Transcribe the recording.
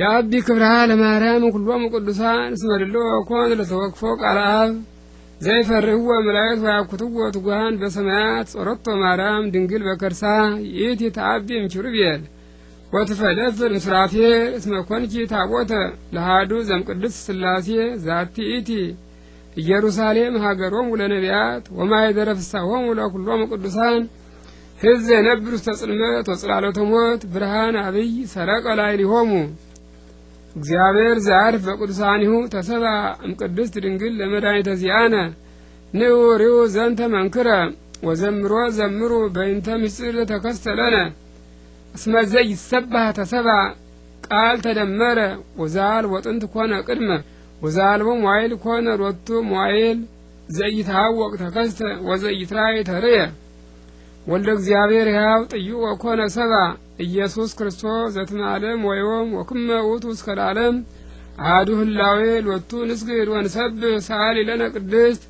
የአቢ ክብርሃ ለማርያም ኩሎም ቅዱሳን እስመ ድልዎ ኮን ለተወክፎ ቃለ አብ ዘይፈርህዎ መላእክት ወያኩትዎ ትጉሃን በሰማያት ጸሎቶ ማርያም ድንግል በከርሳ ይእቲ ተአቢ እምኪሩቤል ወትፈለፍል ምስራፌል እስመ ኮንኪ ታቦተ ለሃዱ ዘምቅድስ ሥላሴ ዛቲ ኢቲ ኢየሩሳሌም ሀገሮሙ ለነቢያት ወማኅደረ ፍሥሓሆሙ ለኵሎሙ ቅዱሳን ሕዝብ የነብሩ ውስተ ጽልመት ወጽላሎተ ሞት ብርሃን አብይ ሰረቀ ላዕሌሆሙ እግዚአብሔር ዘአርፍ በቅዱሳኒሁ ተሰባ እምቅድስት ድንግል ለመድኃኒተ ዚአነ ንዑ ርኡ ዘንተ መንክረ ወዘምሮ ዘምሩ በይንተ ምስጢር ተከስተለነ እስመ ዘይሰባህ ተሰባ ቃል ተደመረ ወዛል ወጥንት ኮነ ቅድመ ወዛልቦ ሞዋይል ኮነ ሮቱ ሞዋይል ዘይታወቅ ተከስተ ወዘይትራይ ተርየ ወልደ እግዚአብሔር ያው ጥይቆ ኮነ ሰባ ኢየሱስ ክርስቶስ ዓለም ወይም ወክመ ውእቱ እስከ ለዓለም አሐዱ ህላዌ ሎቱ ንስግድ ወንሰብ ሰአሊ ለነ ቅድስት